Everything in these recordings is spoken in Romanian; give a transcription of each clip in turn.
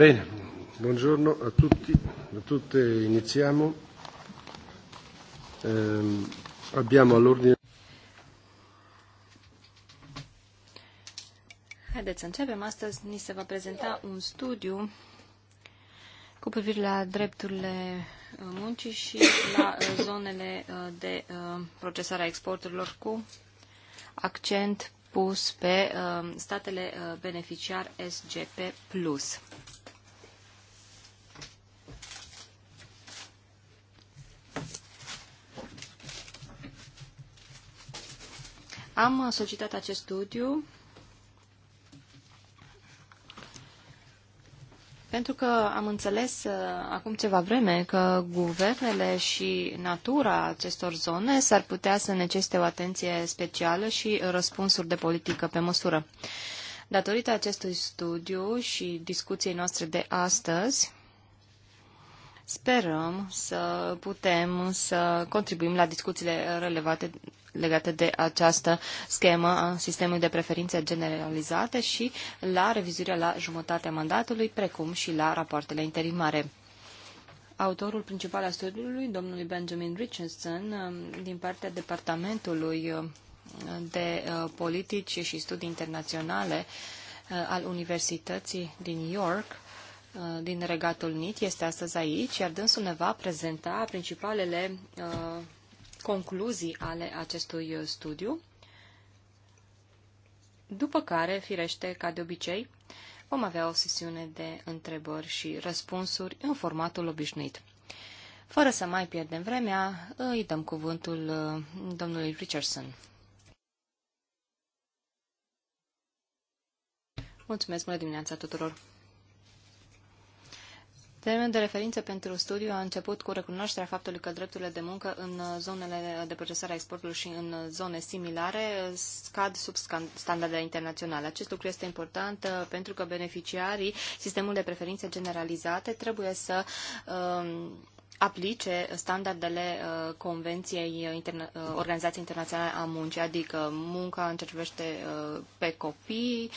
Bene, buongiorno a tutti, a tutte iniziamo. Eh, abbiamo all'ordine. Haideți să începem. Astăzi ni se va prezenta un studiu cu privire la drepturile uh, muncii și la uh, zonele uh, de procesare a exporturilor cu accent pus pe statele beneficiar SGP+. Am solicitat acest studiu Pentru că am înțeles uh, acum ceva vreme că guvernele și natura acestor zone s-ar putea să necesite o atenție specială și răspunsuri de politică pe măsură. Datorită acestui studiu și discuției noastre de astăzi, Sperăm să putem să contribuim la discuțiile relevate legate de această schemă a sistemului de preferințe generalizate și la revizuirea la jumătatea mandatului, precum și la rapoartele interimare. Autorul principal al studiului, domnului Benjamin Richardson, din partea Departamentului de uh, Politici și Studii Internaționale uh, al Universității din York, Uh, din Regatul NIT este astăzi aici, iar dânsul ne va prezenta principalele uh, concluzii ale acestui uh, studiu, după care, firește, ca de obicei, vom avea o sesiune de întrebări și răspunsuri în formatul obișnuit. Fără să mai pierdem vremea, îi dăm cuvântul domnului Richardson. Mulțumesc, bună dimineața tuturor! Termenul de referință pentru studiu a început cu recunoașterea faptului că drepturile de muncă în zonele de procesare a exportului și în zone similare scad sub standardele internaționale. Acest lucru este important uh, pentru că beneficiarii sistemului de preferințe generalizate trebuie să um, aplice standardele uh, Convenției Interna- uh, Organizației Internaționale a Muncii, adică munca în ce privește uh, pe copii,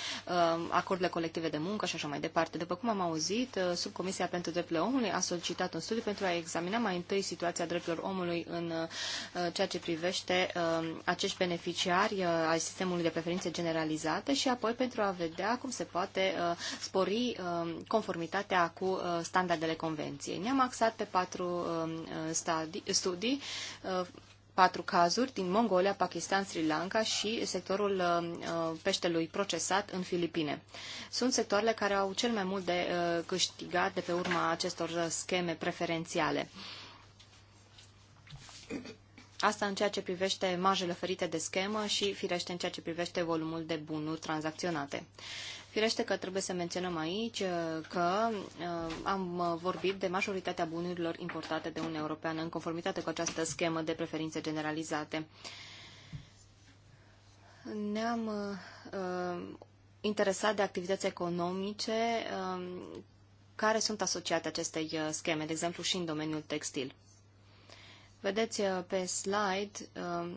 acordurile colective de muncă și așa mai departe. După cum am auzit, Subcomisia pentru Drepturile Omului a solicitat un studiu pentru a examina mai întâi situația drepturilor omului în ceea ce privește acești beneficiari ai sistemului de preferințe generalizate și apoi pentru a vedea cum se poate spori conformitatea cu standardele Convenției. Ne-am axat pe patru Um, uh, studii, uh, patru cazuri din Mongolia, Pakistan, Sri Lanka și sectorul um, uh, peștelui procesat în Filipine. Sunt sectoarele care au cel mai mult de câștigat de pe urma acestor scheme preferențiale. Asta în ceea ce privește marjele oferite de schemă și, firește, în ceea ce privește volumul de bunuri tranzacționate. Firește că trebuie să menționăm aici uh, că uh, am uh, vorbit de majoritatea bunurilor importate de Uniunea Europeană în conformitate cu această schemă de preferințe generalizate. Ne-am uh, interesat de activități economice uh, care sunt asociate acestei scheme, de exemplu și în domeniul textil. Vedeți pe slide uh,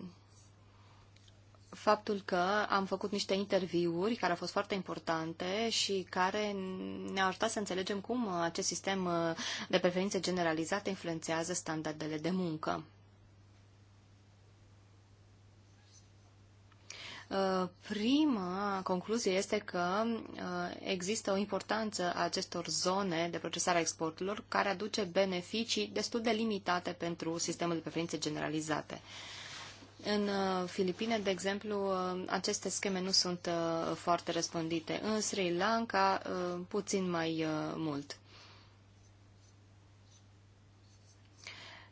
faptul că am făcut niște interviuri care au fost foarte importante și care ne-au ajutat să înțelegem cum acest sistem uh, de preferințe generalizate influențează standardele de muncă. Uh, prima concluzie este că uh, există o importanță a acestor zone de procesare a exporturilor care aduce beneficii destul de limitate pentru sistemul de preferințe generalizate. În uh, Filipine, de exemplu, uh, aceste scheme nu sunt uh, foarte răspândite. În Sri Lanka, puțin mai mult.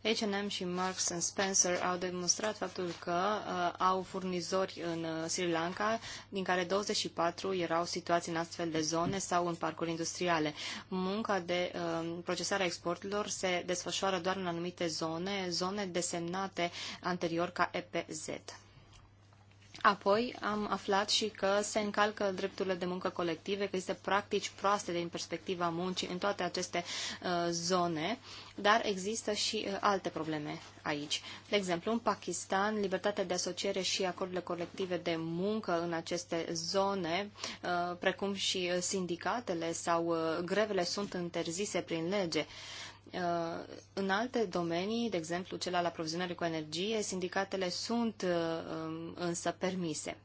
H&M și Marks and Spencer au demonstrat faptul că uh, au furnizori în uh, Sri Lanka, din care 24 erau situați în astfel de zone sau în parcuri industriale. Munca de uh, procesare a exporturilor se desfășoară doar în anumite zone, zone desemnate anterior ca EPZ. Apoi am aflat și că se încalcă drepturile de muncă colective, că există practici proaste din perspectiva muncii în toate aceste uh, zone, dar există și uh, alte probleme aici. De exemplu, în Pakistan, libertatea de asociere și acordurile colective de muncă în aceste zone, uh, precum și uh, sindicatele sau uh, grevele, sunt interzise prin lege. Uh, în alte domenii, de exemplu cel al aprovizionării cu energie, sindicatele sunt uh, um, însă permise.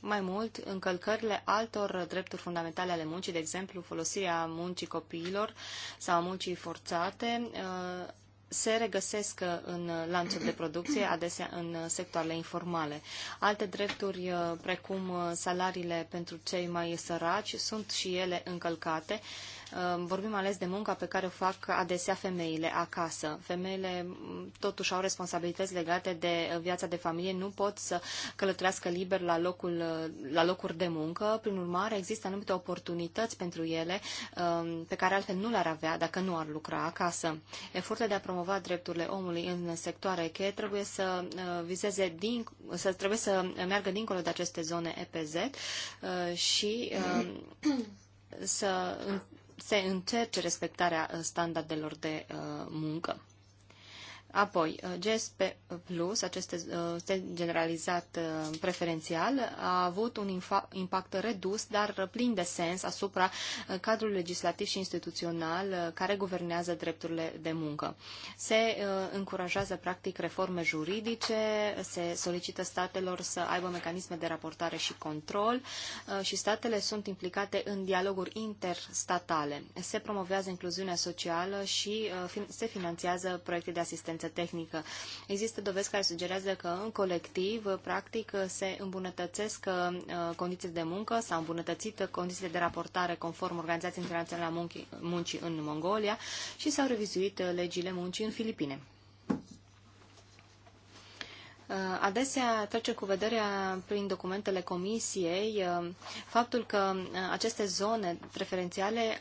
Mai mult, încălcările altor drepturi fundamentale ale muncii, de exemplu folosirea muncii copiilor sau muncii forțate, uh, se regăsesc în lanțul de producție, adesea în sectoarele informale. Alte drepturi, precum salariile pentru cei mai săraci, sunt și ele încălcate vorbim ales de munca pe care o fac adesea femeile acasă. Femeile totuși au responsabilități legate de uh, viața de familie, nu pot să călătorească liber la, locul, uh, la locuri de muncă. Prin urmare, există anumite oportunități pentru ele um, pe care altfel nu le-ar avea dacă nu ar lucra acasă. Efortul de a promova drepturile omului în sectoare cheie trebuie să uh, vizeze din, să trebuie să meargă dincolo de aceste zone EPZ și um, să se încerce respectarea uh, standardelor de uh, muncă. Apoi, uh, GSP Plus, acest test uh, generalizat uh, preferențial, a avut un impact redus, dar plin de sens asupra cadrului legislativ și instituțional care guvernează drepturile de muncă. Se încurajează, practic, reforme juridice, se solicită statelor să aibă mecanisme de raportare și control și statele sunt implicate în dialoguri interstatale. Se promovează incluziunea socială și se finanțează proiecte de asistență asistență tehnică. Există dovezi care sugerează că în colectiv, practic, se îmbunătățesc uh, condițiile de muncă, s-au îmbunătățit condițiile de raportare conform Organizației Internaționale a Muncii în Mongolia și s-au revizuit uh, legile muncii în Filipine. Uh, adesea trece cu vederea prin documentele comisiei uh, faptul că uh, aceste zone preferențiale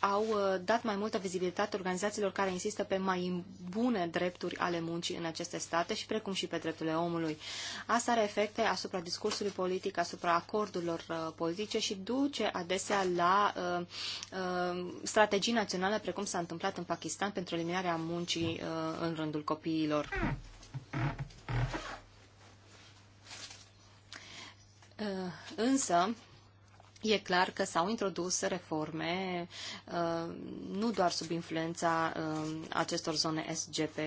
au dat mai multă vizibilitate organizațiilor care insistă pe mai bune drepturi ale muncii în aceste state și precum și pe drepturile omului. Asta are efecte asupra discursului politic, asupra acordurilor politice și duce adesea la strategii naționale precum s-a întâmplat în Pakistan pentru eliminarea muncii în rândul copiilor. Uh, însă, E clar că s-au introdus reforme uh, nu doar sub influența uh, acestor zone SGP+.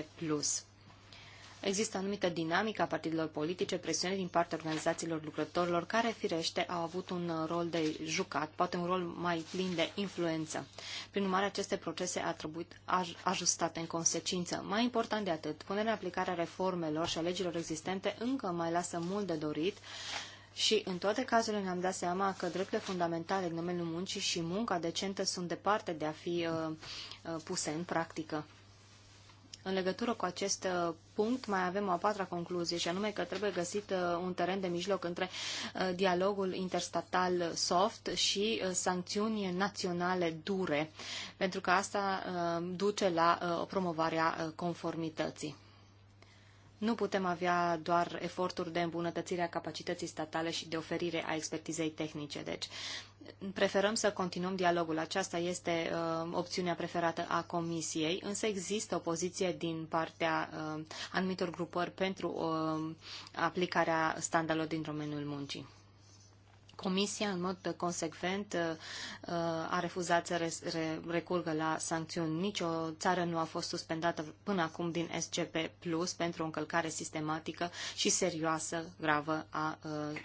Există o anumită dinamică a partidelor politice, presiune din partea organizațiilor lucrătorilor, care, firește, au avut un rol de jucat, poate un rol mai plin de influență. Prin urmare, aceste procese ar trebui ajustate în consecință. Mai important de atât, punerea în aplicare a reformelor și a legilor existente încă mai lasă mult de dorit, și în toate cazurile ne-am dat seama că drepturile fundamentale în domeniul muncii și munca decentă sunt departe de a fi uh, uh, puse în practică. În legătură cu acest uh, punct, mai avem o a patra concluzie, și anume că trebuie găsit uh, un teren de mijloc între uh, dialogul interstatal soft și sancțiuni naționale dure, pentru că asta duce la promovarea conformității. Nu putem avea doar eforturi de îmbunătățire a capacității statale și de oferire a expertizei tehnice. Deci, preferăm să continuăm dialogul. Aceasta este uh, opțiunea preferată a Comisiei, însă există o poziție din partea uh, anumitor grupări pentru uh, aplicarea standardelor din domeniul muncii. Comisia, în mod consecvent, uh, uh, a refuzat să recurgă la sancțiuni. Nici o țară nu a fost suspendată până acum din SCP Plus pentru o încălcare sistematică și serioasă, gravă, a uh,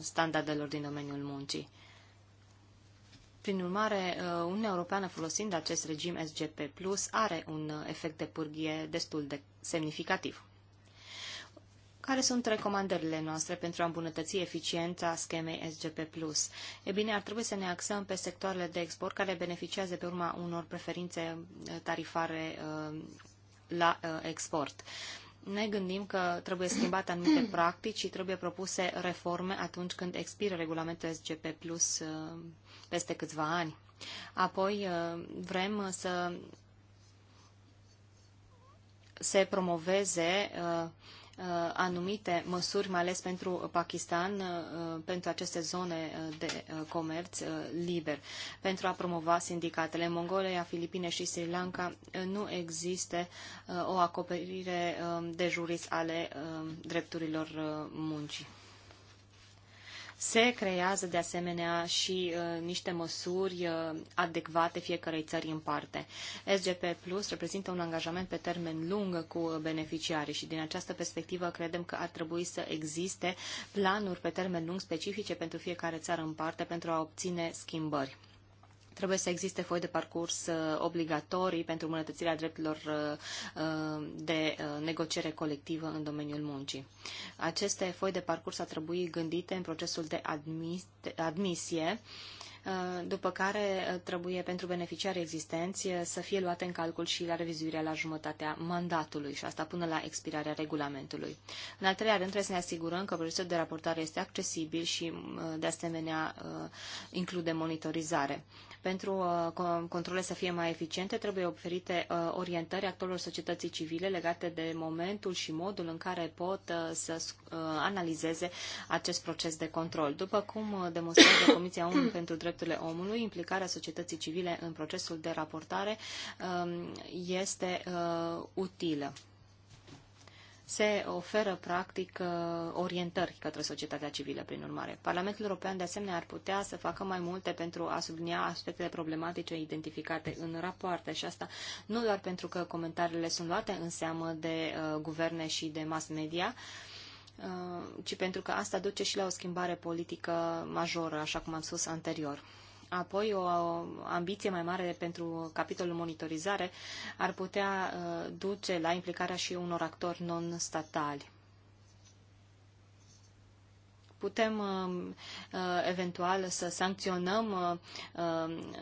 standardelor din domeniul muncii. Prin urmare, uh, Uniunea Europeană, folosind acest regim SGP+, are un uh, efect de pârghie destul de semnificativ. Care sunt recomandările noastre pentru a îmbunătăți eficiența schemei SGP+. E bine, ar trebui să ne axăm pe sectoarele de export care beneficiază pe urma unor preferințe uh, tarifare la export ne gândim că trebuie schimbate anumite practici și trebuie propuse reforme atunci când expiră regulamentul SGP Plus uh, peste câțiva ani. Apoi uh, vrem să se promoveze uh, Uh, anumite măsuri, mai ales pentru Pakistan, uh, uh, pentru aceste zone de comerț liber. Pentru a promova sindicatele Mongolia, Filipine și Sri Lanka nu există o acoperire um, de juris ale um, drepturilor muncii. Se creează de asemenea și uh, niște măsuri uh, adecvate fiecarei țări în parte. SGP Plus reprezintă un angajament pe termen lung cu beneficiarii și din această perspectivă credem că ar trebui să existe planuri pe termen lung specifice pentru fiecare țară în parte pentru a obține schimbări. Trebuie să existe foi de parcurs uh, obligatorii pentru îmbunătățirea drepturilor uh, uh, de negociere colectivă în domeniul muncii. Aceste foi de parcurs ar trebui gândite în procesul de admisie după care trebuie pentru beneficiarii existenți să fie luate în calcul și la revizuirea la jumătatea mandatului și asta până la expirarea regulamentului. În al treilea rând, trebuie să ne asigurăm că procesul de raportare este accesibil și, de asemenea, include monitorizare. Pentru uh, controle să fie mai eficiente, trebuie oferite uh, orientări actorilor societății civile legate de momentul și modul în care pot uh, să analizeze acest proces de control. După cum demonstrează Comisia ONU pentru Drepturile Omului, implicarea societății civile în procesul de raportare um, este utilă se oferă, practic, uh, orientări către societatea civilă, prin urmare. Parlamentul European, de asemenea, ar putea să facă mai multe pentru a sublinia aspectele problematice identificate în rapoarte și asta nu doar pentru că comentariile sunt luate în seamă de uh, guverne și de mass media, uh, ci pentru că asta duce și la o schimbare politică majoră, așa cum am spus anterior. Apoi, o ambiție mai mare pentru capitolul monitorizare ar putea uh, duce la implicarea și unor actori non-statali putem uh, uh, eventual să sancționăm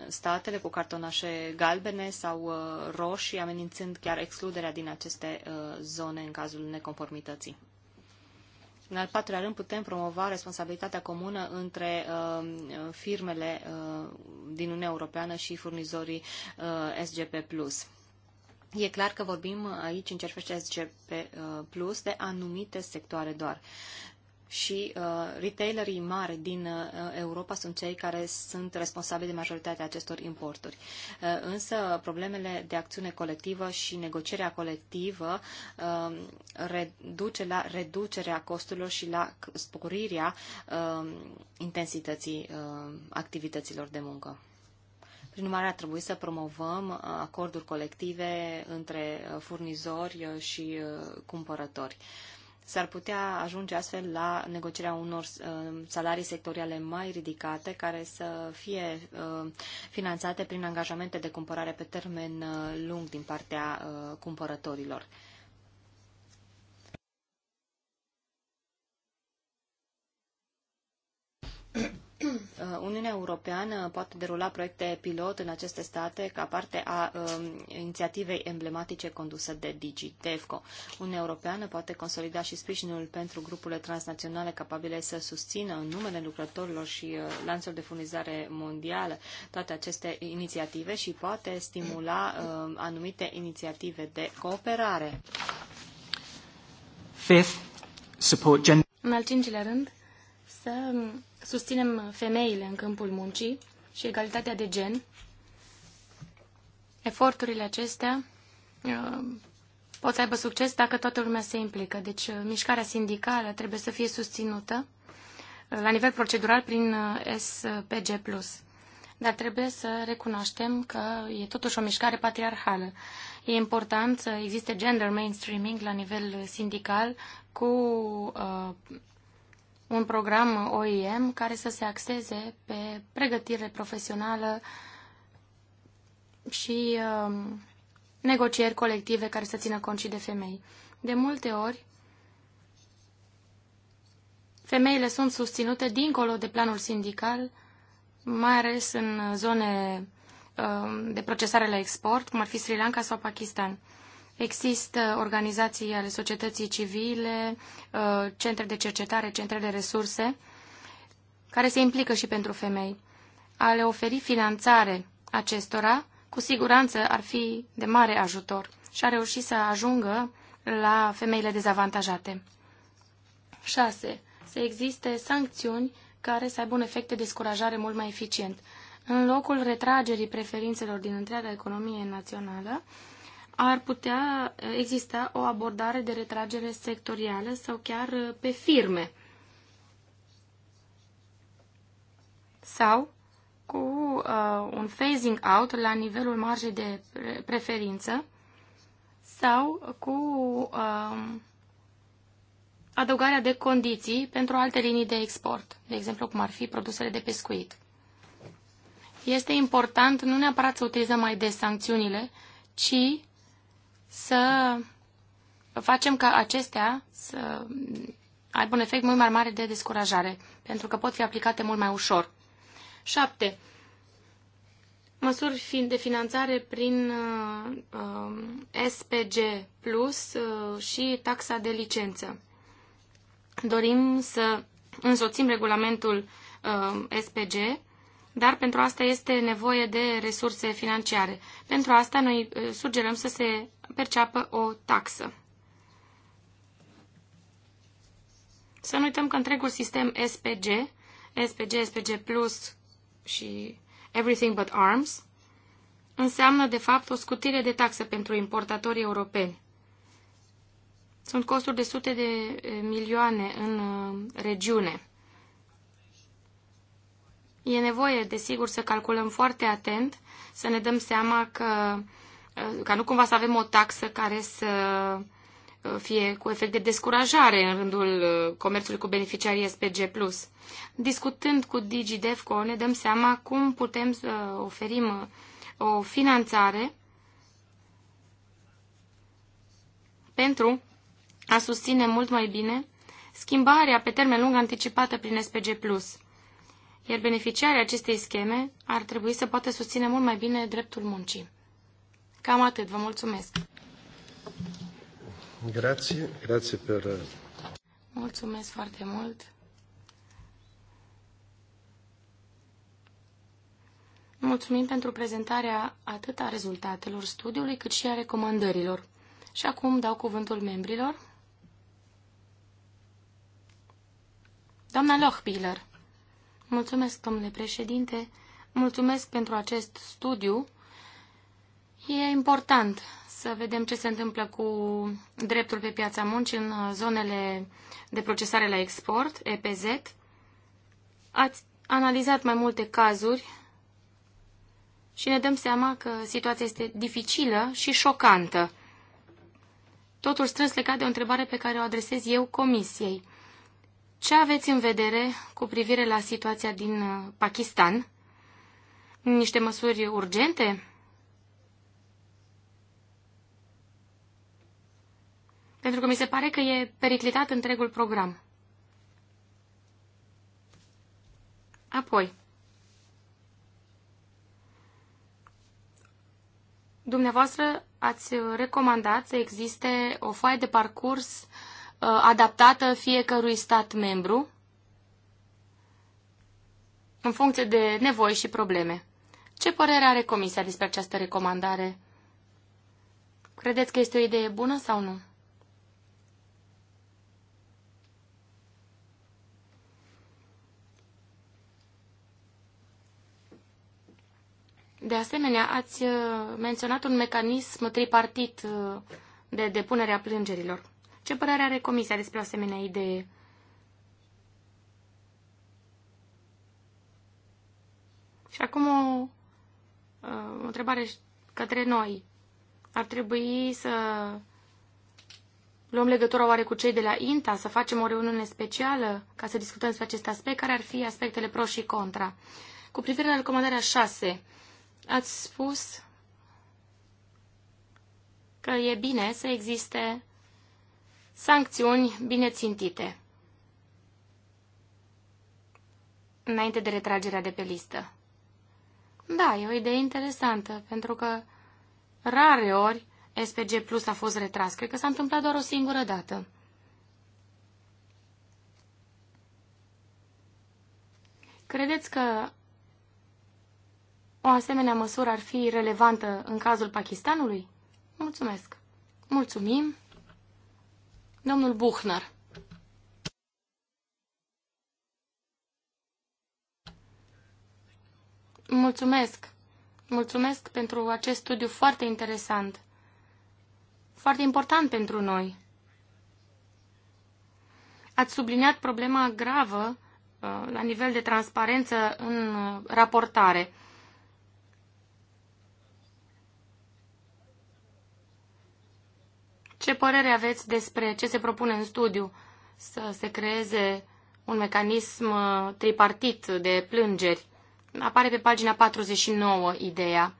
statele cu cartonașe galbene sau roșii, amenințând chiar excluderea din aceste zone în cazul neconformității. În al patrulea rând, putem promova responsabilitatea comună între uh, firmele uh, din Uniunea Europeană și furnizorii uh, SGP+. E clar că vorbim aici, în ce privește SGP+, uh, de anumite sectoare doar. Uh, și uh, retailerii mari din uh, Europa sunt cei care sunt responsabili de majoritatea acestor importuri. Uh, însă problemele de acțiune colectivă și negocierea colectivă uh, reduce la reducerea costurilor și la sporirea uh, intensității uh, activităților de muncă. Prin urmare, ar trebui să promovăm uh, acorduri colective între uh, furnizori uh, și cumpărători. Uh, S-ar putea ajunge astfel la negocierea unor uh, salarii sectoriale mai ridicate, care să fie uh, finanțate prin angajamente de cumpărare pe termen uh, lung din partea cumpărătorilor. Uh, Uniunea Europeană poate derula proiecte pilot în aceste state ca parte a um, inițiativei emblematice condusă de DigiDevco. Uniunea Europeană poate consolida și sprijinul pentru grupurile transnaționale capabile să susțină în numele lucrătorilor și uh, lanțul de furnizare mondială toate aceste inițiative și poate stimula uh, anumite inițiative de cooperare. Fifth, support gen- în al cincilea rând, să susținem femeile în câmpul muncii și egalitatea de gen. Eforturile acestea uh, pot să aibă succes dacă toată lumea se implică. Deci uh, mișcarea sindicală trebuie să fie susținută uh, la nivel procedural prin SPG+. Dar trebuie să recunoaștem că e totuși o mișcare patriarhală. E important să existe gender mainstreaming la nivel sindical cu uh, un program OIM care să se axeze pe pregătire profesională și um, negocieri colective care să țină cont și de femei. De multe ori, femeile sunt susținute dincolo de planul sindical, mai ales în zone um, de procesare la export, cum ar fi Sri Lanka sau Pakistan. Există organizații ale societății civile, uh, centre de cercetare, centre de resurse, care se implică și pentru femei. A le oferi finanțare acestora, cu siguranță ar fi de mare ajutor și a reușit să ajungă la femeile dezavantajate. 6. Să existe sancțiuni care să aibă un efect de descurajare mult mai eficient. În locul retragerii preferințelor din întreaga economie națională, ar putea uh, exista o abordare de retragere sectorială sau chiar uh, pe firme. Sau cu uh, un phasing out la nivelul marjei de preferință sau cu uh, adăugarea de condiții pentru alte linii de export, de exemplu cum ar fi produsele de pescuit. Este important nu neapărat să utilizăm mai des sancțiunile, ci să facem ca acestea să aibă un efect mult mai mare de descurajare, pentru că pot fi aplicate mult mai ușor. 7. Măsuri de finanțare prin uh, um, SPG Plus uh, și taxa de licență. Dorim să însoțim regulamentul uh, SPG, dar pentru asta este nevoie de resurse financiare. Pentru asta noi sugerăm să se perceapă o taxă. Să nu uităm că întregul sistem SPG, SPG, SPG Plus și Everything But Arms, înseamnă de fapt o scutire de taxă pentru importatorii europeni. Sunt costuri de sute de milioane în regiune. E nevoie, desigur, să calculăm foarte atent, să ne dăm seama că Uh, ca nu cumva să avem o taxă care să uh, fie cu efect de descurajare în rândul uh, comerțului cu beneficiarii SPG+. Discutând cu DigiDevco ne dăm seama cum putem să oferim o finanțare pentru a susține mult mai bine schimbarea pe termen lung anticipată prin SPG+. Iar beneficiarii acestei scheme ar trebui să poată susține mult mai bine dreptul muncii. Cam atât, vă mulțumesc. Grazie, grazie per... Uh, mulțumesc foarte mult. Mulțumim pentru prezentarea atât a rezultatelor studiului, cât și a recomandărilor. Și acum dau cuvântul membrilor. Doamna Lochbiller, mulțumesc, domnule președinte, mulțumesc pentru acest studiu E important să vedem ce se întâmplă cu dreptul pe piața muncii în uh, zonele de procesare la export, EPZ. Ați analizat mai multe cazuri și ne dăm seama că situația este dificilă și șocantă. Totul strâns legat de o întrebare pe care o adresez eu comisiei. Ce aveți în vedere cu privire la situația din uh, Pakistan? Niște măsuri urgente pentru că mi se pare că e periclitat întregul program. Apoi, dumneavoastră ați recomandat să existe o foaie de parcurs uh, adaptată fiecărui stat membru în funcție de nevoi și probleme. Ce părere are Comisia despre această recomandare? Credeți că este o idee bună sau nu? De asemenea, ați uh, menționat un mecanism tripartit uh, de depunere a plângerilor. Ce părere are Comisia despre o asemenea idee? Și acum o, uh, o întrebare către noi. Ar trebui să luăm legătura oare cu cei de la INTA, să facem o reuniune specială ca să discutăm despre acest aspect, care ar fi aspectele pro și contra. Cu privire la recomandarea 6, ați spus că e bine să existe sancțiuni bine țintite înainte de retragerea de pe listă. Da, e o idee interesantă, pentru că rare ori SPG Plus a fost retras. Cred că s-a întâmplat doar o singură dată. Credeți că o asemenea măsură ar fi relevantă în cazul Pakistanului? Mulțumesc! Mulțumim! Domnul Buchner. Mulțumesc! Mulțumesc pentru acest studiu foarte interesant, foarte important pentru noi. Ați subliniat problema gravă uh, la nivel de transparență în uh, raportare. Ce părere aveți despre ce se propune în studiu să se creeze un mecanism uh, tripartit de plângeri? Apare pe pagina 49 ideea.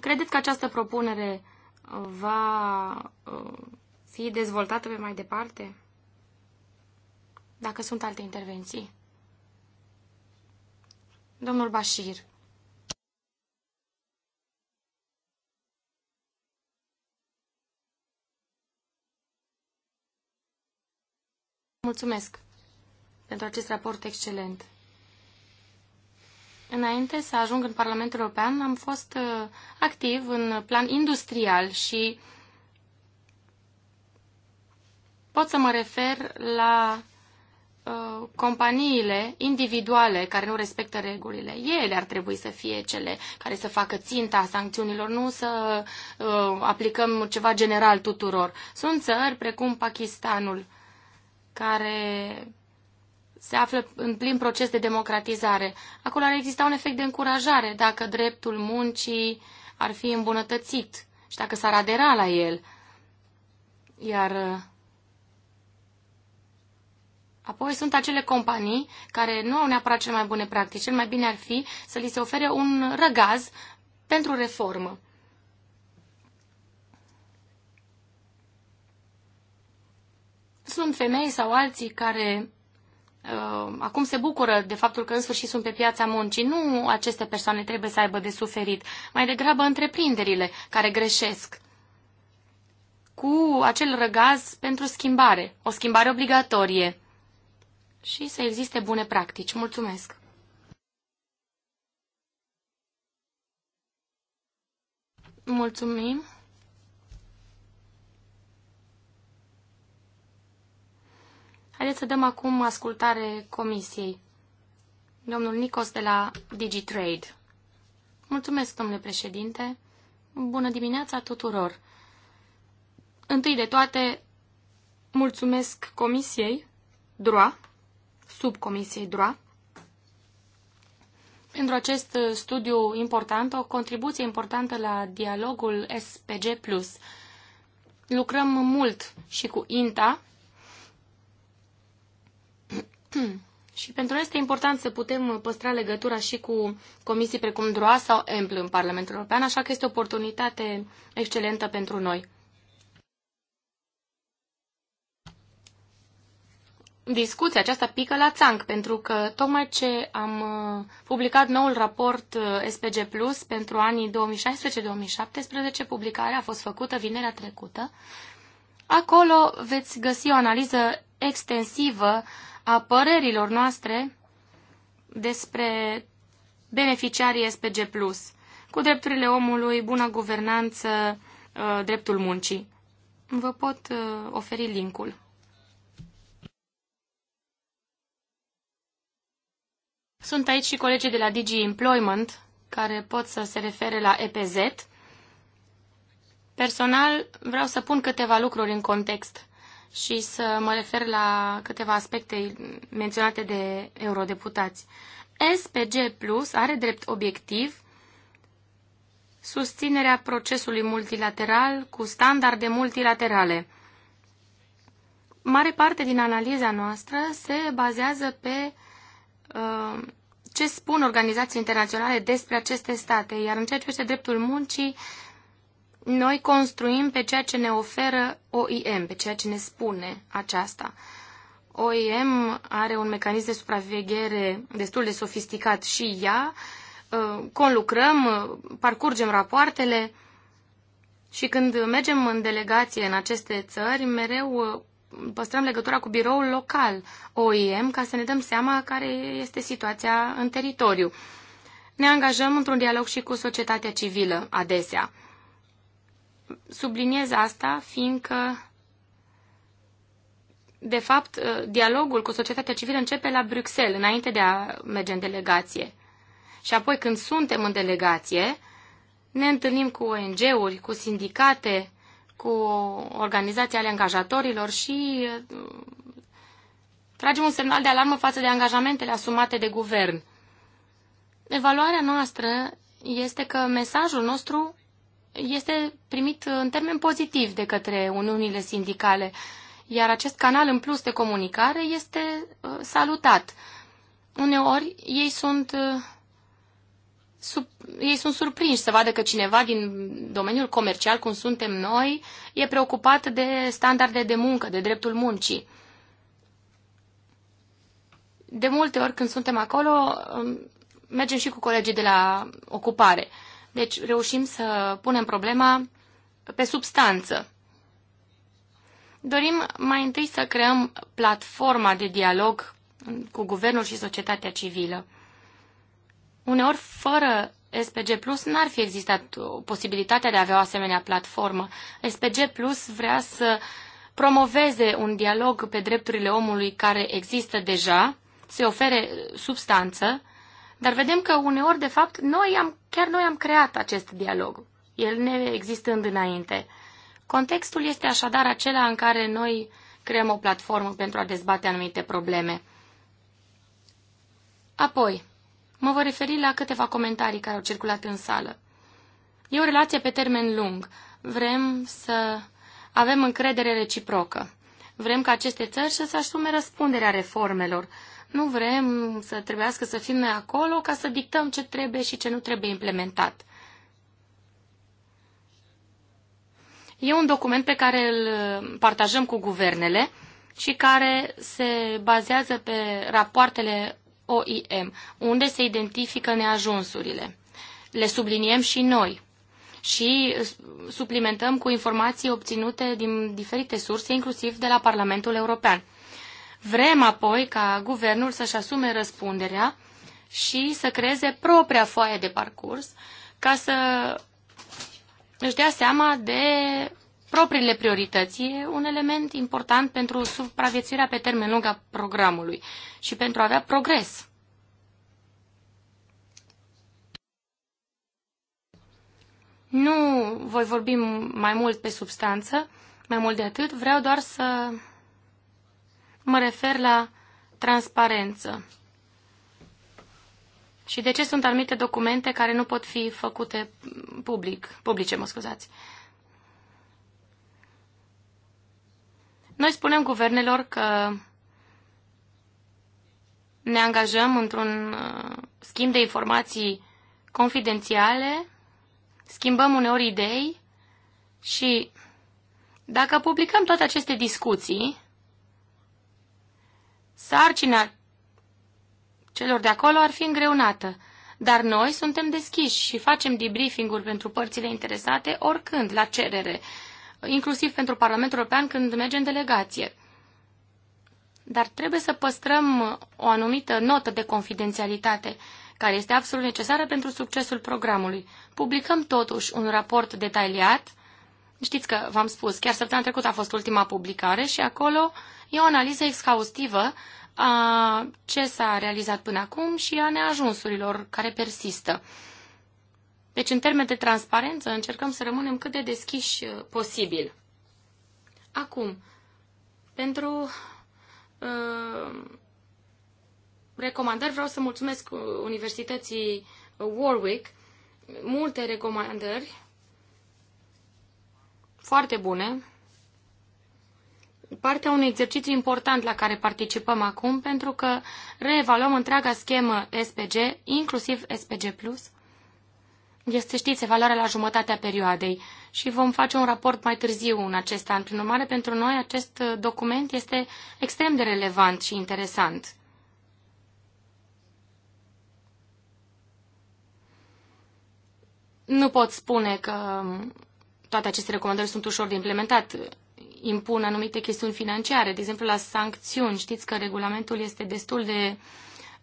Credeți că această propunere uh, va uh, fi dezvoltată pe mai departe? Dacă sunt alte intervenții. Domnul Bashir. Mulțumesc pentru acest raport excelent. Înainte să ajung în Parlamentul European, am fost uh, activ în plan industrial și pot să mă refer la uh, companiile individuale care nu respectă regulile. Ele ar trebui să fie cele care să facă ținta sancțiunilor, nu să uh, aplicăm ceva general tuturor. Sunt țări precum Pakistanul, care se află în plin proces de democratizare. Acolo ar exista un efect de încurajare dacă dreptul muncii ar fi îmbunătățit și dacă s-ar adera la el. Iar uh, apoi sunt acele companii care nu au neapărat cele mai bune practici. Cel mai bine ar fi să li se ofere un răgaz pentru reformă. sunt femei sau alții care uh, acum se bucură de faptul că în sfârșit sunt pe piața muncii. Nu aceste persoane trebuie să aibă de suferit, mai degrabă întreprinderile care greșesc cu acel răgaz pentru schimbare, o schimbare obligatorie și să existe bune practici. Mulțumesc! Mulțumim! Haideți să dăm acum ascultare comisiei. Domnul Nicos de la DigiTrade. Mulțumesc, domnule președinte. Bună dimineața tuturor. Întâi de toate, mulțumesc comisiei DROA, subcomisiei DROA, pentru acest studiu important, o contribuție importantă la dialogul SPG+. Lucrăm mult și cu INTA, Hmm. și pentru noi este important să putem păstra legătura și cu comisii precum DROA sau EMPL în Parlamentul European, așa că este o oportunitate excelentă pentru noi. discuția aceasta pică la țanc, pentru că tocmai ce am uh, publicat noul raport uh, SPG Plus pentru anii 2016-2017, publicarea a fost făcută vinerea trecută, acolo veți găsi o analiză extensivă a părerilor noastre despre beneficiarii SPG+, cu drepturile omului, bună guvernanță, uh, dreptul muncii. Vă pot uh, oferi linkul. Sunt aici și colegii de la Digi Employment, care pot să se refere la EPZ. Personal, vreau să pun câteva lucruri în context și să mă refer la câteva aspecte menționate de eurodeputați. SPG Plus are drept obiectiv susținerea procesului multilateral cu standarde multilaterale. Mare parte din analiza noastră se bazează pe uh, ce spun organizații internaționale despre aceste state, iar în ceea ce privește dreptul muncii, noi construim pe ceea ce ne oferă OIM, pe ceea ce ne spune aceasta. OIM are un mecanism de supraveghere destul de sofisticat și ea. Uh, conlucrăm, uh, parcurgem rapoartele și când mergem în delegație în aceste țări, mereu uh, păstrăm legătura cu biroul local OIM ca să ne dăm seama care este situația în teritoriu. Ne angajăm într-un dialog și cu societatea civilă adesea. Subliniez asta fiindcă, de fapt, uh, dialogul cu societatea civilă începe la Bruxelles, înainte de a merge în delegație. Și apoi, când suntem în delegație, ne întâlnim cu ONG-uri, cu sindicate, cu organizații ale angajatorilor și uh, tragem un semnal de alarmă față de angajamentele asumate de guvern. Evaluarea noastră este că mesajul nostru este primit în termen pozitiv de către uniunile sindicale, iar acest canal în plus de comunicare este uh, salutat. Uneori ei sunt, uh, sub, ei sunt surprinși să vadă că cineva din domeniul comercial, cum suntem noi, e preocupat de standarde de muncă, de dreptul muncii. De multe ori când suntem acolo, um, mergem și cu colegii de la ocupare deci reușim să punem problema pe substanță. Dorim mai întâi să creăm platforma de dialog cu guvernul și societatea civilă. Uneori, fără SPG Plus, n-ar fi existat posibilitatea de a avea o asemenea platformă. SPG Plus vrea să promoveze un dialog pe drepturile omului care există deja, se ofere substanță dar vedem că uneori, de fapt, noi am, chiar noi am creat acest dialog, el ne existând înainte. Contextul este așadar acela în care noi creăm o platformă pentru a dezbate anumite probleme. Apoi, mă voi referi la câteva comentarii care au circulat în sală. E o relație pe termen lung. Vrem să avem încredere reciprocă. Vrem ca aceste țări să-și asume răspunderea reformelor. Nu vrem să trebuiască să fim noi acolo ca să dictăm ce trebuie și ce nu trebuie implementat. E un document pe care îl partajăm cu guvernele și care se bazează pe rapoartele OIM, unde se identifică neajunsurile. Le subliniem și noi și suplimentăm cu informații obținute din diferite surse, inclusiv de la Parlamentul European. Vrem apoi ca guvernul să-și asume răspunderea și să creeze propria foaie de parcurs ca să își dea seama de propriile priorități. E un element important pentru supraviețuirea pe termen lung a programului și pentru a avea progres. Nu voi vorbi mai mult pe substanță, mai mult de atât, vreau doar să mă refer la transparență. Și de ce sunt anumite documente care nu pot fi făcute public, publice, mă scuzați. Noi spunem guvernelor că ne angajăm într-un uh, schimb de informații confidențiale schimbăm uneori idei și dacă publicăm toate aceste discuții, sarcina celor de acolo ar fi îngreunată. Dar noi suntem deschiși și facem debriefing-uri pentru părțile interesate oricând, la cerere, inclusiv pentru Parlamentul European când merge în delegație. Dar trebuie să păstrăm o anumită notă de confidențialitate care este absolut necesară pentru succesul programului. Publicăm totuși un raport detaliat. Știți că v-am spus, chiar săptămâna trecută a fost ultima publicare și acolo e o analiză exhaustivă a ce s-a realizat până acum și a neajunsurilor care persistă. Deci, în termen de transparență, încercăm să rămânem cât de deschiși uh, posibil. Acum, pentru uh, recomandări vreau să mulțumesc uh, Universității Warwick. Multe recomandări foarte bune. Partea unui exercițiu important la care participăm acum, pentru că reevaluăm întreaga schemă SPG, inclusiv SPG+. Este, știți, evaluarea la jumătatea perioadei și vom face un raport mai târziu în acest an. Prin urmare, pentru noi acest document este extrem de relevant și interesant. Nu pot spune că toate aceste recomandări sunt ușor de implementat. Impun anumite chestiuni financiare, de exemplu la sancțiuni. Știți că regulamentul este destul de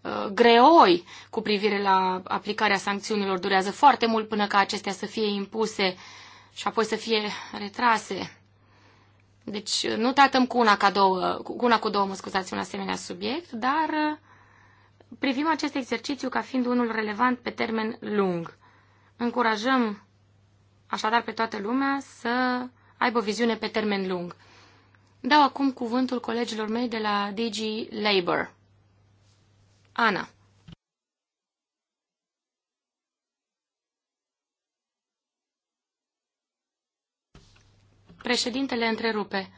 uh, greoi cu privire la aplicarea sancțiunilor. Durează foarte mult până ca acestea să fie impuse și apoi să fie retrase. Deci nu tratăm cu una, ca două, cu una cu două, mă scuzați, un asemenea subiect, dar uh, privim acest exercițiu ca fiind unul relevant pe termen lung. Încurajăm așadar pe toată lumea să aibă o viziune pe termen lung. Dau acum cuvântul colegilor mei de la DG Labor. Ana. Președintele întrerupe.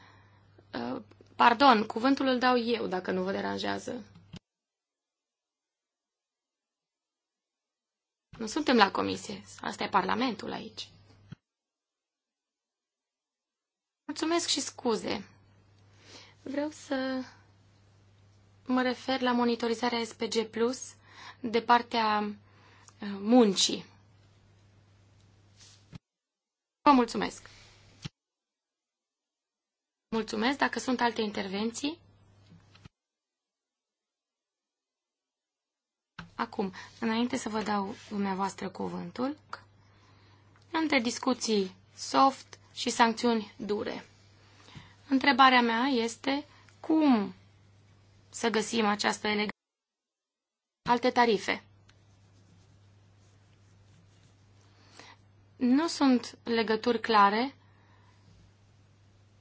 Uh, pardon, cuvântul îl dau eu, dacă nu vă deranjează. Nu suntem la comisie. Asta e parlamentul aici. Mulțumesc și scuze. Vreau să mă refer la monitorizarea SPG Plus de partea uh, muncii. Vă mulțumesc! Mulțumesc. Dacă sunt alte intervenții, Acum, înainte să vă dau dumneavoastră cuvântul, între discuții soft și sancțiuni dure. Întrebarea mea este cum să găsim această elegantă alte tarife. Nu sunt legături clare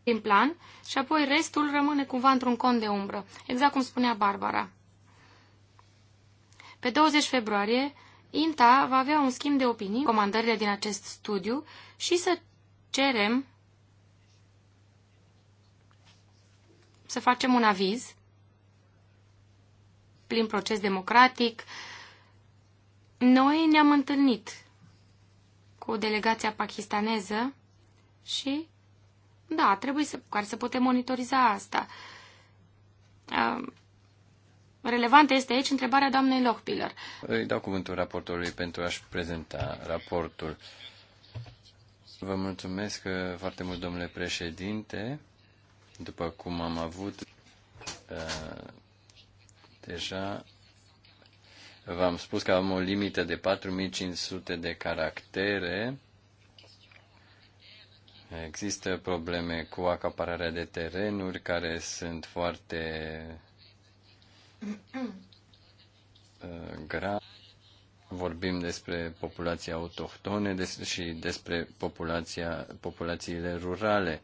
din plan și apoi restul rămâne cumva într-un con de umbră, exact cum spunea Barbara. Pe 20 februarie, INTA va avea un schimb de opinii, comandările din acest studiu și să cerem să facem un aviz prin proces democratic. Noi ne-am întâlnit cu delegația pakistaneză și, da, trebuie să, care să putem monitoriza asta. Relevantă este aici întrebarea doamnei Lochpiller. Îi dau cuvântul raportorului pentru a-și prezenta raportul. Vă mulțumesc uh, foarte mult, domnule președinte. După cum am avut uh, deja, v-am spus că am o limită de 4500 de caractere. Există probleme cu acapararea de terenuri care sunt foarte Ă, grav. Vorbim despre populația autohtone și despre populația, populațiile rurale.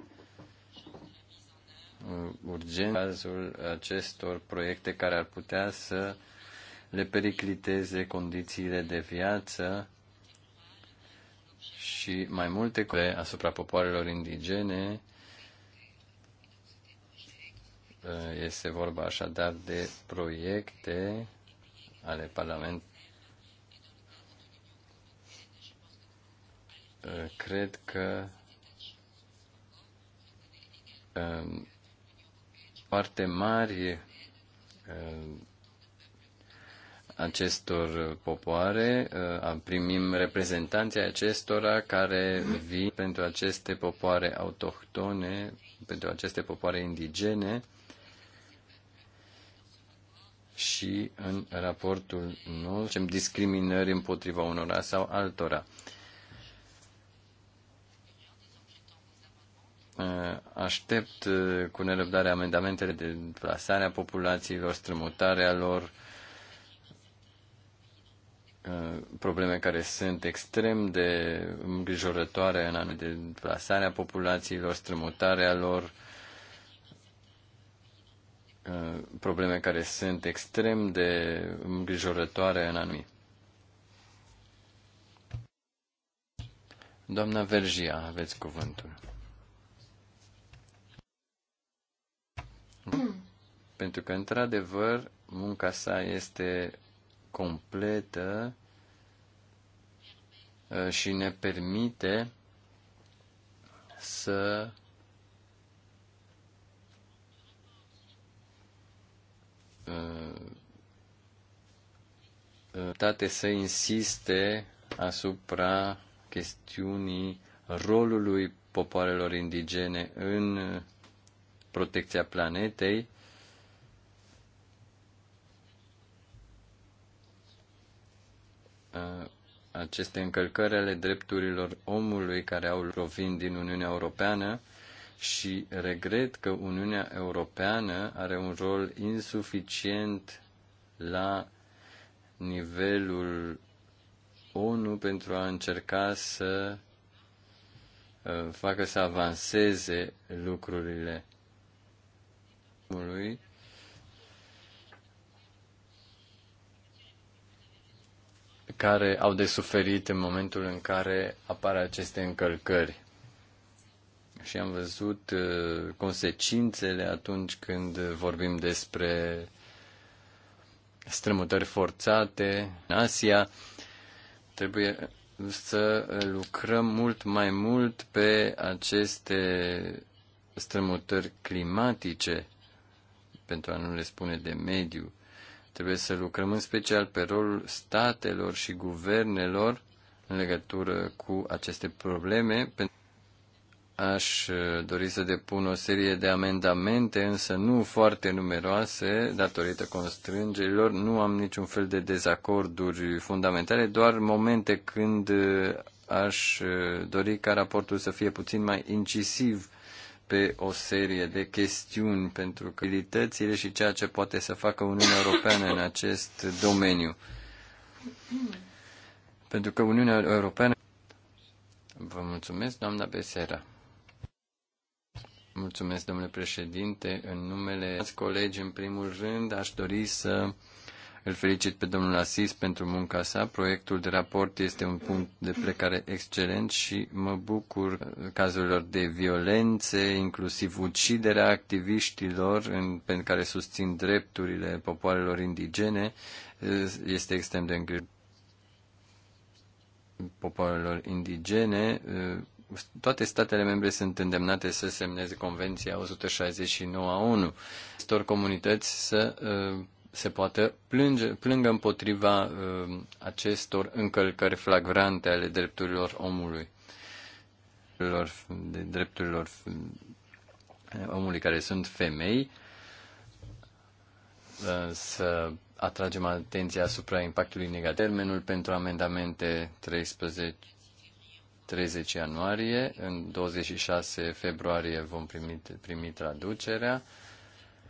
Urgent cazul acestor proiecte care ar putea să le pericliteze condițiile de viață și mai multe asupra popoarelor indigene Eh, este vorba așadar de proiecte ale Parlamentului. Eh, cred că eh, foarte mari acestor popoare, primim reprezentanții acestora care vin pentru aceste popoare autohtone, pentru aceste popoare indigene, și în raportul nostru discriminări împotriva unora sau altora. Uh, aștept uh, cu nerăbdare amendamentele de plasarea populațiilor, strămutarea lor, uh, probleme care sunt extrem de îngrijorătoare în anul de plasarea populațiilor, strămutarea lor, Uh, probleme care sunt extrem de îngrijorătoare în anumit. Doamna Vergia, aveți cuvântul. Pentru că, într-adevăr, munca sa este completă uh, și ne permite să date să insiste asupra chestiunii rolului popoarelor indigene în protecția planetei. Aceste încălcări ale drepturilor omului care au provin din Uniunea Europeană și regret că Uniunea Europeană are un rol insuficient la nivelul ONU pentru a încerca să uh, facă să avanseze lucrurile omului. care au de suferit în momentul în care apar aceste încălcări și am văzut uh, consecințele atunci când vorbim despre strămutări forțate în Asia. Trebuie să lucrăm mult mai mult pe aceste strămutări climatice, pentru a nu le spune de mediu. Trebuie să lucrăm în special pe rolul statelor și guvernelor în legătură cu aceste probleme, pentru aș dori să depun o serie de amendamente, însă nu foarte numeroase, datorită constrângerilor. Nu am niciun fel de dezacorduri fundamentale, doar momente când aș dori ca raportul să fie puțin mai incisiv pe o serie de chestiuni pentru calitățile și ceea ce poate să facă Uniunea Europeană în acest domeniu. Pentru că Uniunea Europeană Vă mulțumesc, doamna Besera. Mulțumesc, domnule președinte. În numele colegi, în primul rând, aș dori să îl felicit pe domnul Asis pentru munca sa. Proiectul de raport este un punct de plecare excelent și mă bucur cazurilor de violențe, inclusiv uciderea activiștilor în, pentru care susțin drepturile popoarelor indigene. Este extrem de îngrijorător popoarelor indigene toate statele membre sunt îndemnate să semneze Convenția 169 a ONU. Stor comunități să uh, se poată plânge, plângă împotriva uh, acestor încălcări flagrante ale drepturilor omului, de drepturilor uh, omului care sunt femei, să atragem atenția asupra impactului negativ. Termenul pentru amendamente 13 30 ianuarie, în 26 februarie vom primi, primi traducerea.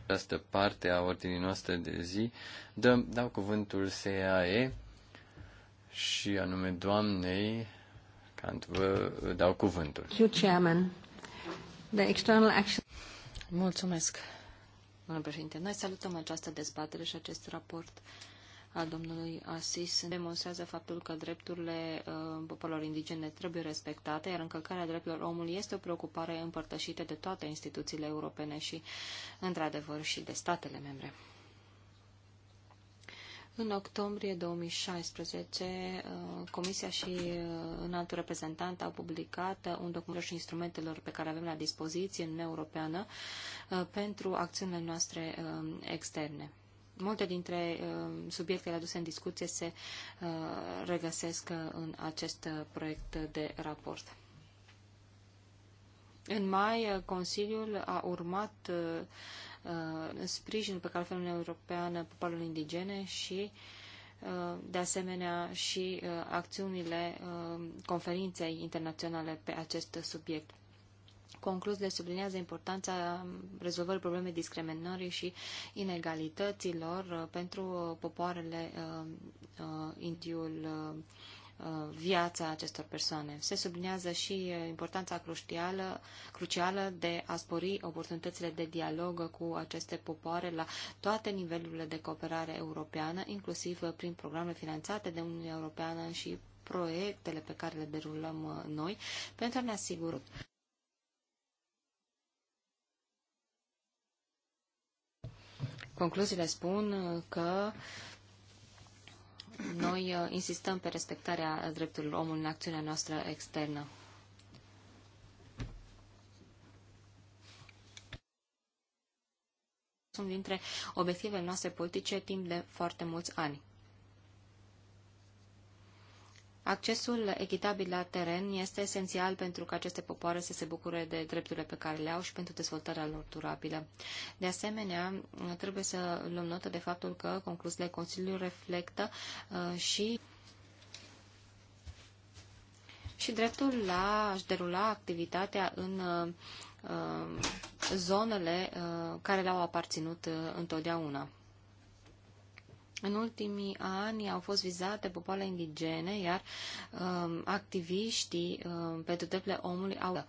Această parte a ordinii noastre de zi dă, dau cuvântul SAE și anume doamnei când vă dau cuvântul. Mulțumesc, domnule președinte. Noi salutăm această dezbatere și acest raport al domnului Asis demonstrează faptul că drepturile uh, popoarelor indigene trebuie respectate, iar încălcarea drepturilor omului este o preocupare împărtășită de toate instituțiile europene și, într-adevăr, și de statele membre. În octombrie 2016, uh, Comisia și înaltul uh, reprezentant au publicat un document și instrumentelor pe care avem la dispoziție în Europeană pentru acțiunile noastre externe multe dintre uh, subiectele aduse în discuție se uh, regăsesc uh, în acest proiect de raport. În mai, Consiliul a urmat sprijinul pe care Uniunea Europeană popoarelor indigene și de asemenea și acțiunile conferinței internaționale pe acest subiect. Concluziile sublinează importanța rezolvării problemei discriminării și inegalităților uh, pentru popoarele uh, uh, indiul viața acestor persoane. Se sublinează și importanța crucială, crucială de a spori oportunitățile de dialog cu aceste popoare la toate nivelurile de cooperare europeană, inclusiv prin programe finanțate de Uniunea Europeană și proiectele pe care le derulăm noi pentru a ne asigura Concluziile spun uh, că noi uh, insistăm pe respectarea drepturilor omului în acțiunea noastră externă. Sunt dintre obiectivele noastre politice timp de foarte mulți ani. Accesul echitabil la teren este esențial pentru că aceste popoare să se bucure de drepturile pe care le au și pentru dezvoltarea lor durabilă. De asemenea, trebuie să luăm notă de faptul că concluziile Consiliului reflectă uh, și și dreptul la a-și derula activitatea în uh, uh zonele uh, care le-au aparținut uh, întotdeauna. În ultimii ani au fost vizate popoarele indigene, iar um, activiștii um, pentru drepturile omului au...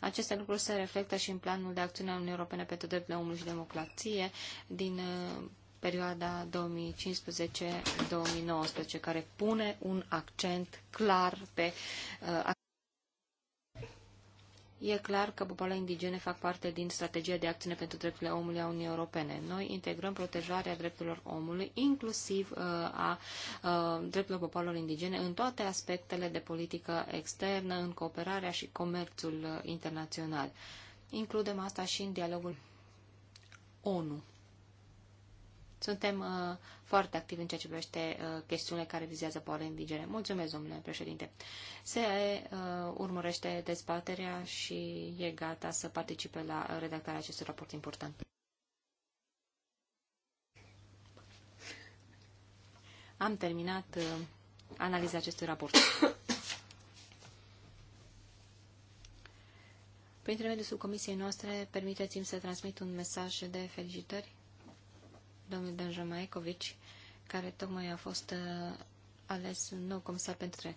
Aceste lucruri se reflectă și în planul de acțiune al Uniunii Europene pentru drepturile omului și democrație din uh, perioada 2015-2019, care pune un accent clar pe uh, E clar că popoarele indigene fac parte din strategia de acțiune pentru drepturile omului a Uniunii Europene. Noi integrăm protejarea drepturilor omului, inclusiv uh, a uh, drepturilor popoarelor indigene, în toate aspectele de politică externă, în cooperarea și comerțul uh, internațional. Includem asta și în dialogul ONU. Suntem uh, foarte activi în ceea ce privește uh, chestiunile care vizează poale indigene. Mulțumesc, domnule președinte. Se uh, urmărește dezbaterea și e gata să participe la redactarea acestui raport important. Am terminat uh, analiza acestui raport. Prin intermediul subcomisiei noastre, permiteți-mi să transmit un mesaj de felicitări domnul Dan Maicovici, care tocmai a fost uh, ales un nou comisar pentru tre.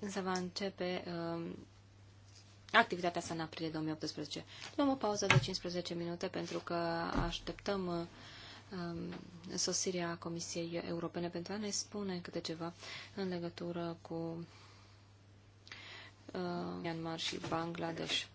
Însă va începe um, activitatea sa în aprilie 2018. Luăm o pauză de 15 minute pentru că așteptăm uh, um, sosirea Comisiei Europene pentru a ne spune câte ceva în legătură cu uh, Myanmar și Bangladesh.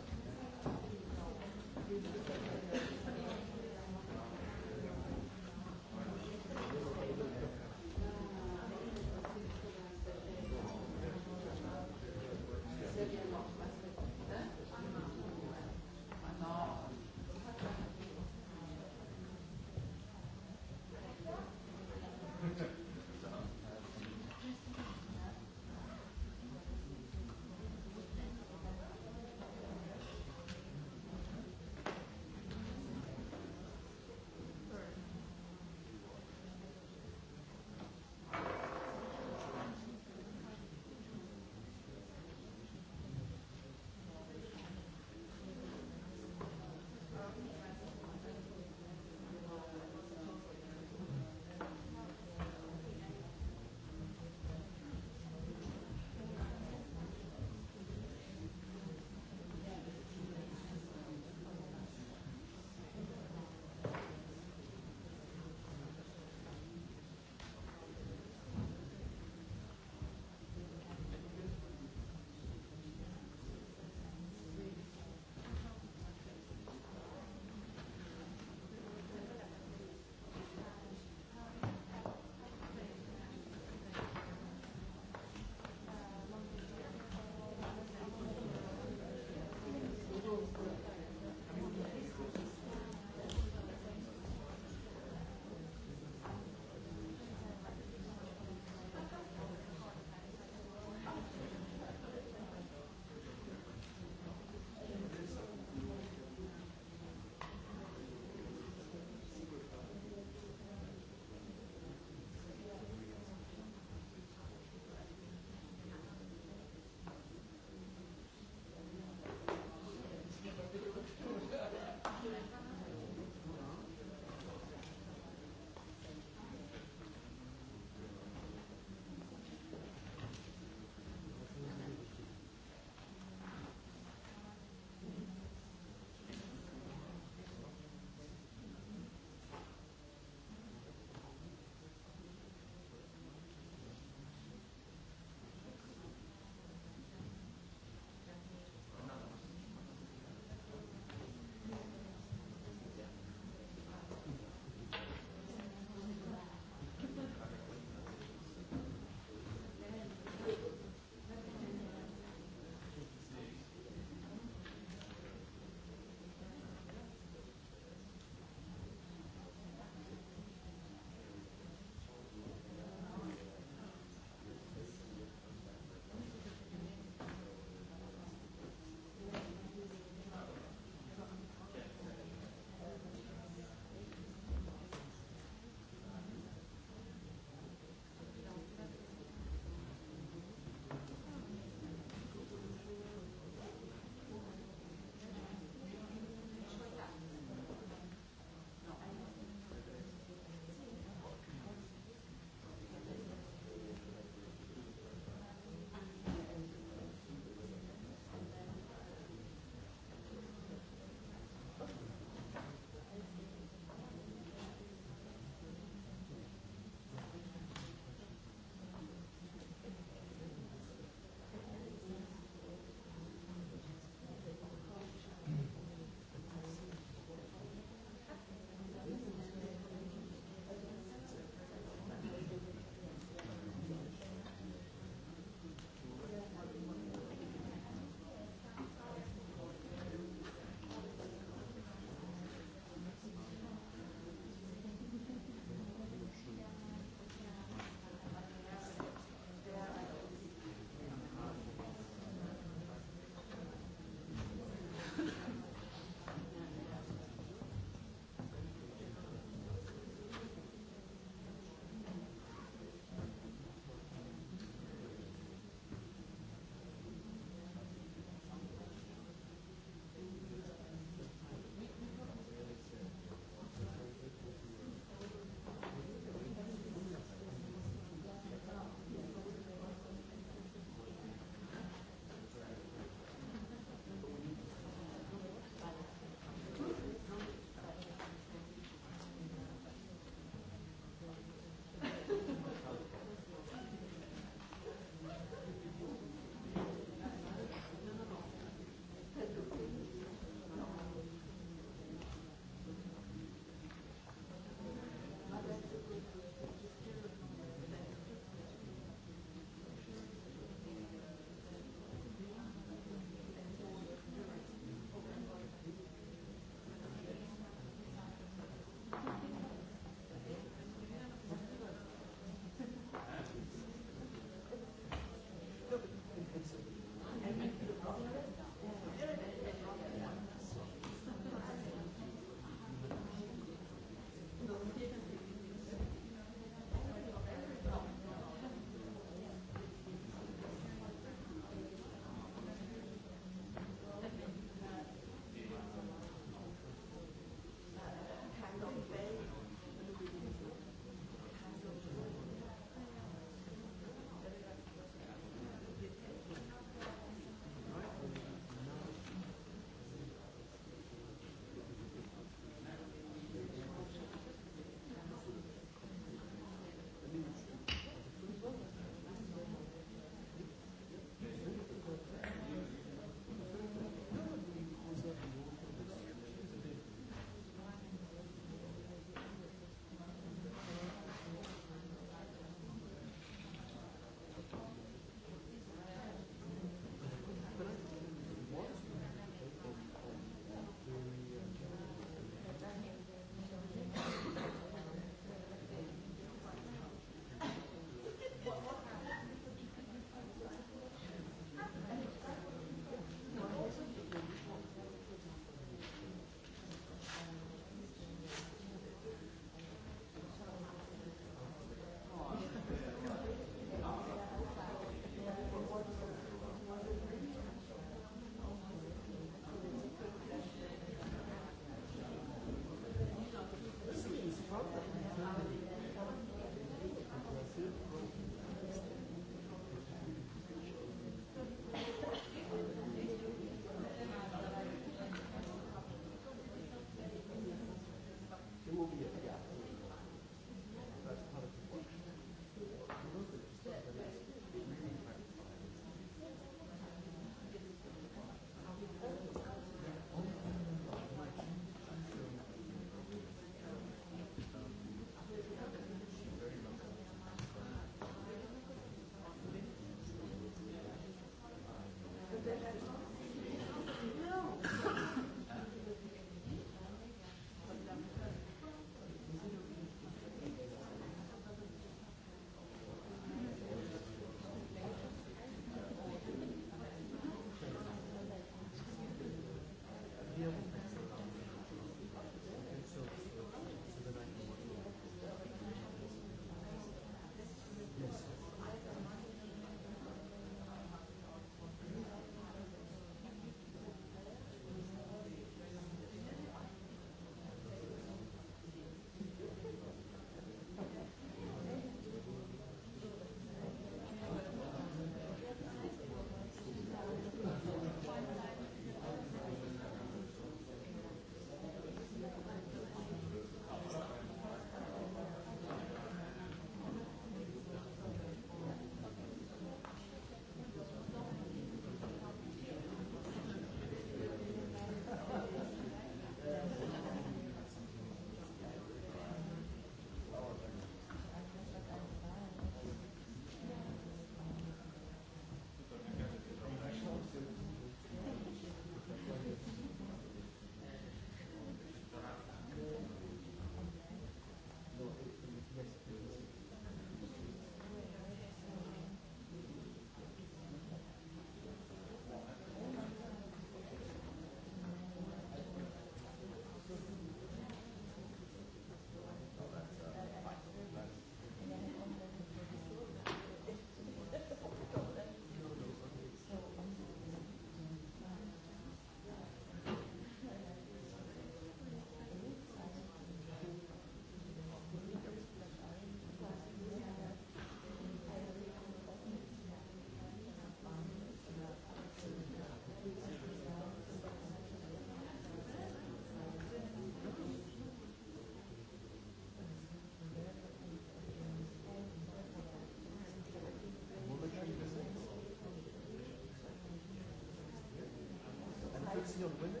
It's your women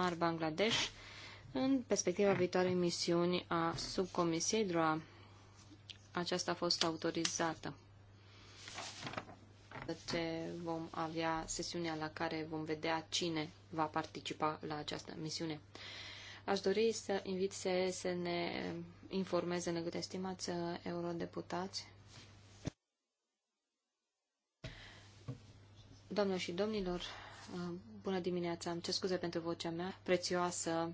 Myanmar, Bangladesh, în perspectiva viitoarei misiuni a subcomisiei DROA. Aceasta a fost autorizată. Ce vom avea sesiunea la care vom vedea cine va participa la această misiune. Aș dori să invit să, să ne informeze în legătură, estimați eurodeputați. Doamnelor și domnilor, Bună dimineața, îmi ce scuze pentru vocea mea prețioasă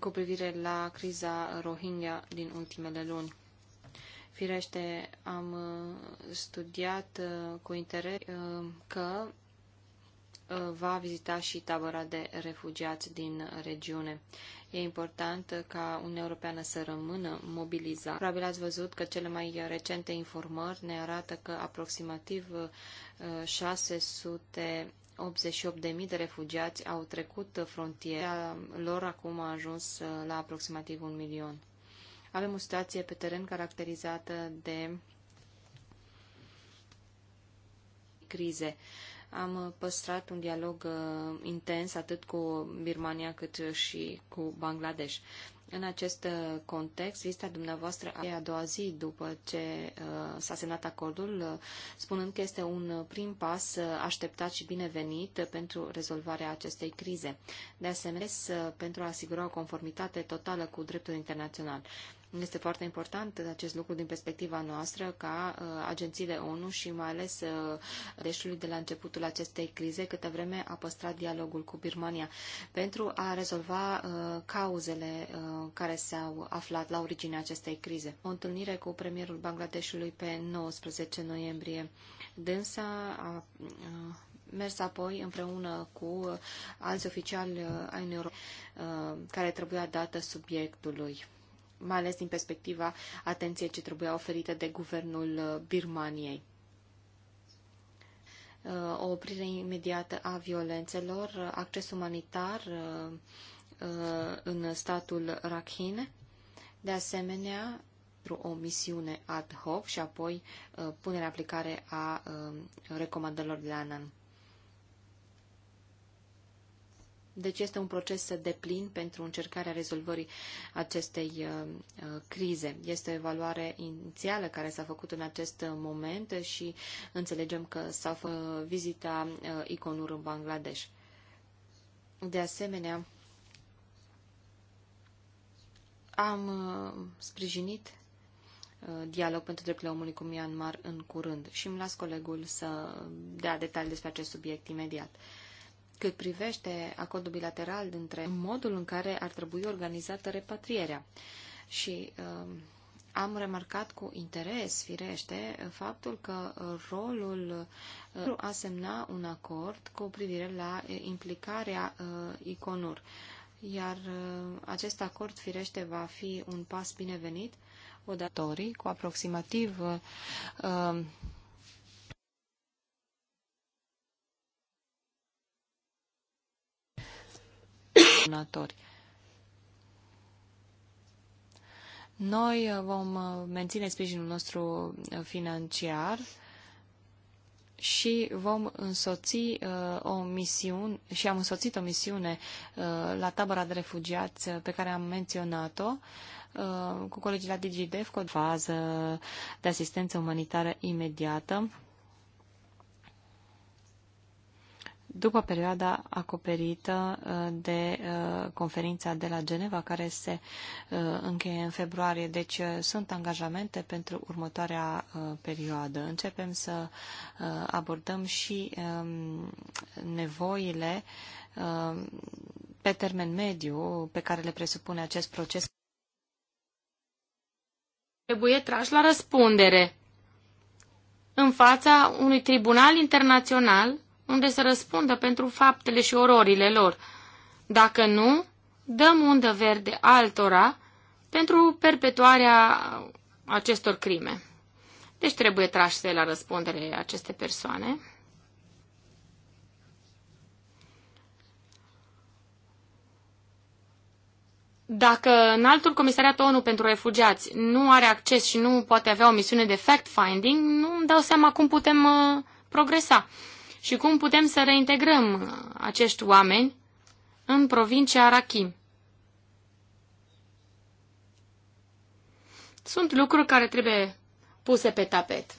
cu privire la criza Rohingya din ultimele luni. Firește, am uh, studiat uh, cu interes uh, că va vizita și tabăra de refugiați din regiune. E important ca Uniunea Europeană să rămână mobilizată. Probabil ați văzut că cele mai recente informări ne arată că aproximativ 600 88.000 de refugiați au trecut frontiera lor, acum a ajuns uh, la aproximativ un milion. Avem o situație pe teren caracterizată de crize. Am uh, păstrat un dialog uh, intens atât cu Birmania cât și cu Bangladesh. În acest uh, context, lista dumneavoastră a doua zi după ce uh, s-a semnat acordul, uh, spunând că este un prim pas așteptat și binevenit pentru rezolvarea acestei crize. De asemenea, pentru a asigura o conformitate totală cu dreptul internațional. Este foarte important acest lucru din perspectiva noastră ca uh, agențiile ONU și mai ales uh, reșului de la începutul acestei crize, câtă vreme a păstrat dialogul cu Birmania pentru a rezolva uh, cauzele uh, care s-au aflat la originea acestei crize. O întâlnire cu premierul Bangladeshului pe 19 noiembrie. Dânsa a uh, mers apoi împreună cu uh, alți oficiali uh, ai Europei uh, care trebuia dată subiectului mai ales din perspectiva atenției ce trebuia oferită de guvernul uh, Birmaniei. Uh, o oprire imediată a violențelor, uh, acces umanitar în statul Rakhine, de asemenea o misiune ad hoc și apoi punerea aplicare a recomandărilor de la ANAN. Deci este un proces de plin pentru încercarea rezolvării acestei uh, uh, crize. Este o evaluare inițială care s-a făcut în acest moment și înțelegem că s-a făcut vizita uh, Iconur în Bangladesh. De asemenea, am sprijinit dialog pentru drepturile omului cu Myanmar în curând și îmi las colegul să dea detalii despre acest subiect imediat cât privește acordul bilateral dintre modul în care ar trebui organizată repatrierea. Și uh, am remarcat cu interes, firește, faptul că rolul uh, a semna un acord cu privire la uh, implicarea uh, ICONUR. Iar uh, acest acord, firește, va fi un pas binevenit odatorii cu aproximativ uh, um, donatori. Noi uh, vom uh, menține sprijinul nostru uh, financiar și vom însoți uh, o misiune și am însoțit o misiune uh, la tabăra de refugiați pe care am menționat-o uh, cu colegii la DigiDev cu o fază de asistență umanitară imediată după perioada acoperită uh, de uh, conferința de la Geneva, care se uh, încheie în februarie. Deci sunt angajamente pentru următoarea perioadă. Începem să abordăm și um, nevoile um, pe termen mediu pe care le presupune acest proces. Trebuie trași la răspundere în fața unui tribunal internațional unde să răspundă pentru faptele și ororile lor. Dacă nu, dăm undă verde altora pentru perpetuarea acestor crime. Deci trebuie trașe la răspundere aceste persoane. Dacă în altul comisariat ONU pentru refugiați nu are acces și nu poate avea o misiune de fact-finding, nu îmi dau seama cum putem uh, progresa și cum putem să reintegrăm acești oameni în provincia Arachim. Sunt lucruri care trebuie puse pe tapet.